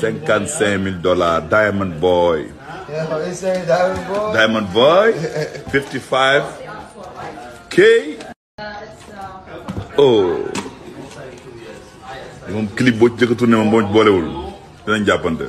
cinquante cinq mille dollars Diamond Boy. Diamond Boy. fifty five k. oh. moom clip boo ci jëkkatu ne ma boo boolewul dinañ jàppante.